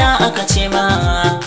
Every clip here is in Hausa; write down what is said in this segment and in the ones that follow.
yara aka ce ma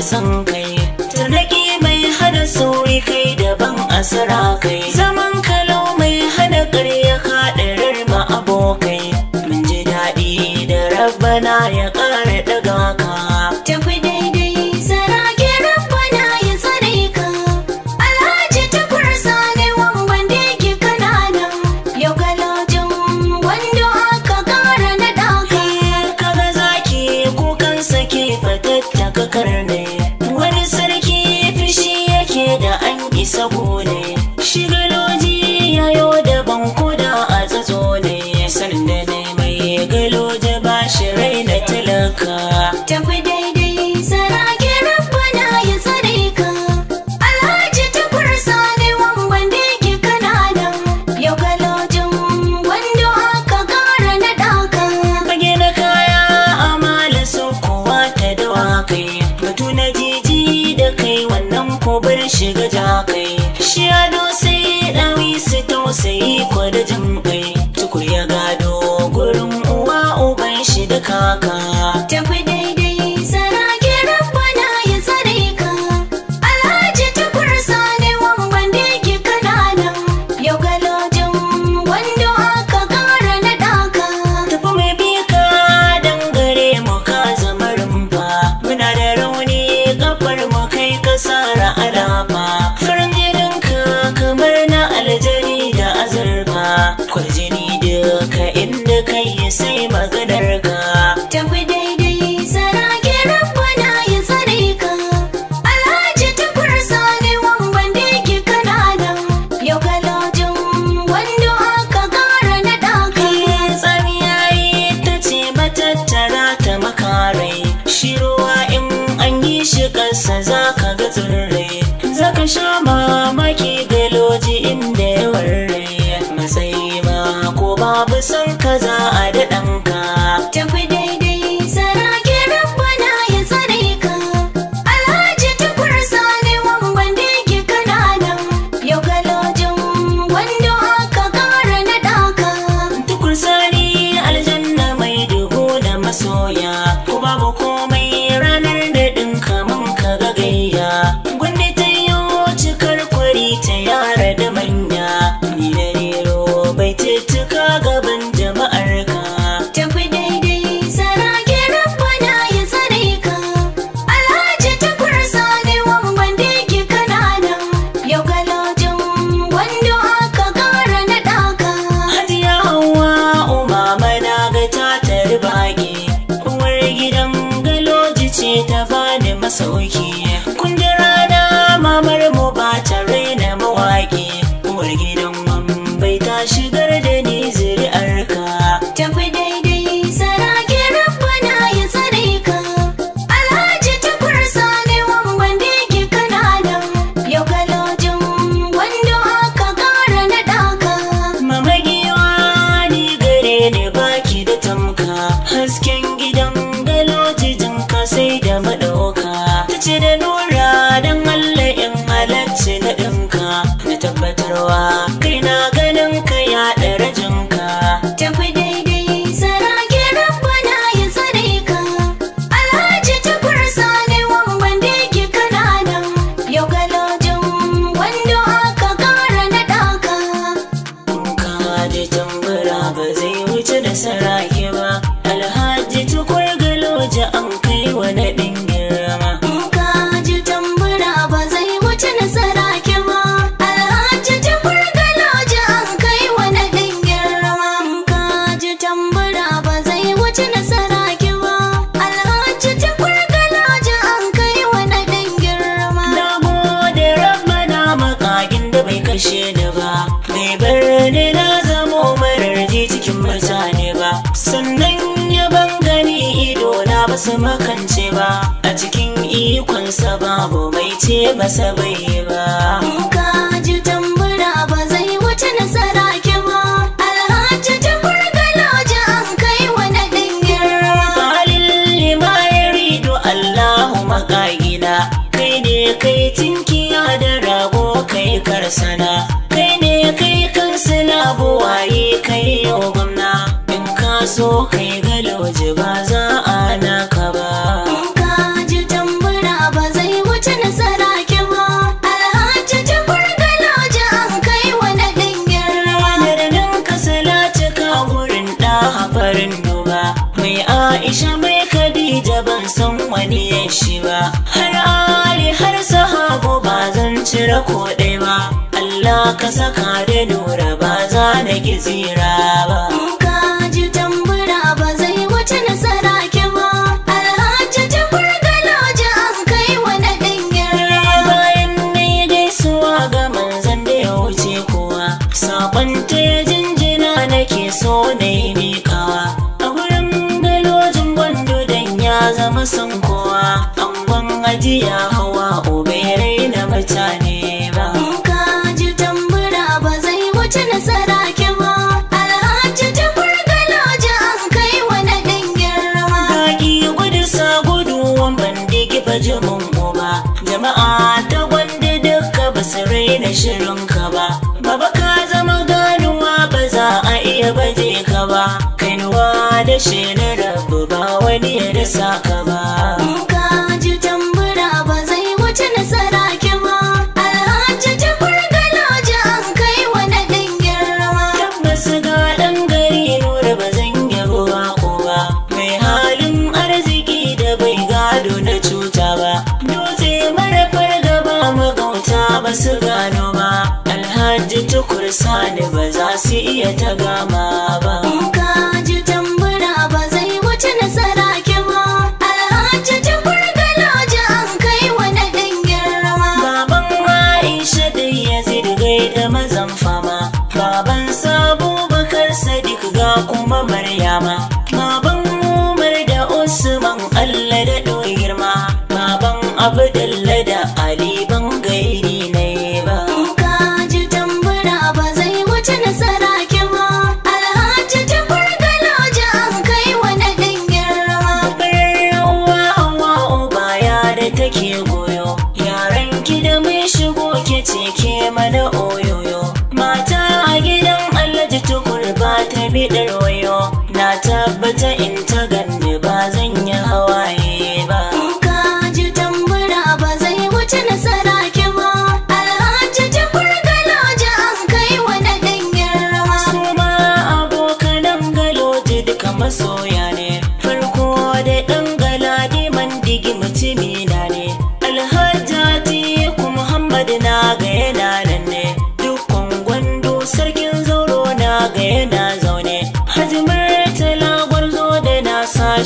da son kai tarnaki mai hana sauri kai daban asara kai zaman kalau mai hana ƙarya kaɗarar ma abokai mun ji daɗi da rabbana ya ƙara ɗaga abu bai ce masa bai ba in ka ji tambura ba zai wuce nasara ki ba alhaji ta burgala ji an kai wa na dingin halin lima ya rido allahu makagina kai ne kai tinkiya da rago kai karsana kai ne kai kansila buwaye kai yau gwamna in ka so kai Aisha mai Khadija ban san wani ya shi ba har Ali har sahabo ba zan cire ko ɗaya ba Allah ka saka da nura ba za na gizira ba gaba kainuwa da shi na rabu ba wani ya rasa ka ba kursani ba za su iya ta gama ba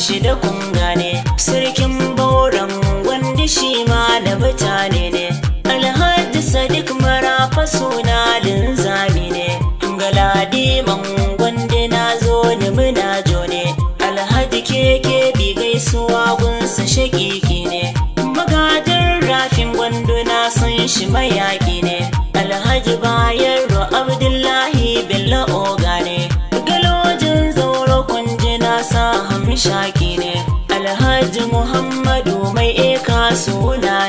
shi da kunga ne sarkin bauran wanda shi ma da mutane ne alhaji sadiq marafa suna linzami ne galadiman wanda na zo ni muna jo ne alhaji keke bi gaisuwa gunsa shakiki ne magadin rafin gwanduna na san shi mayaki ne alhaji bayan abdullahi bello oga hamshaki ne alhaji muhammadu mai eka suna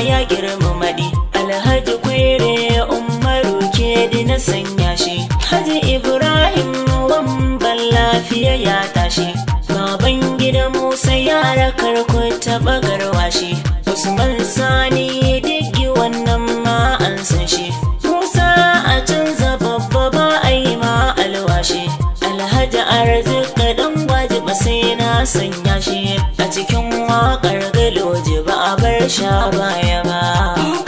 ya girma madi alhaji kwere umaru ke na sanya shi haji ibrahim wamban lafiya ya tashi baban gida musa ya karko ta garwa shi usman sani digi wannan ma an san shi musa a canza babba ba a yi ma alwashi alhaji arziki dan ba sai na sanya shi cikin waƙar ji ba a bar sha baya ba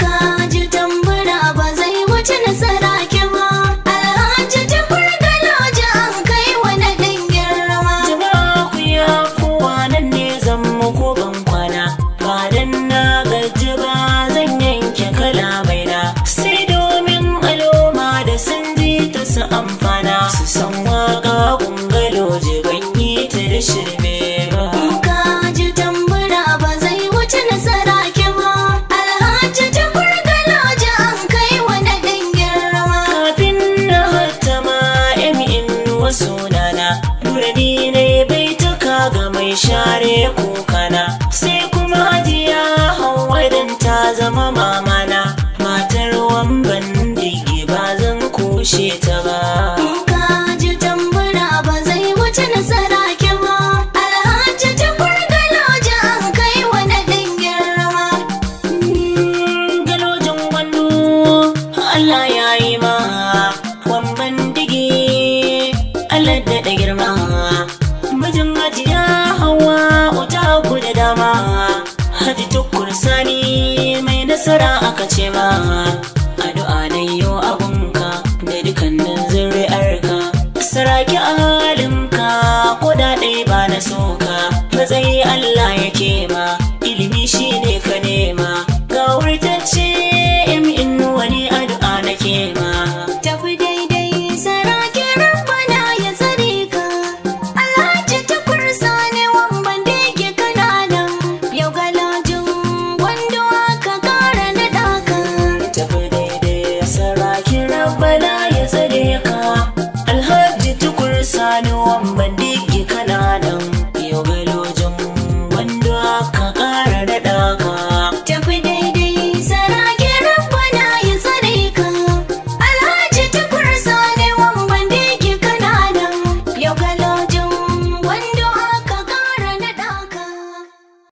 nasara aka ce ma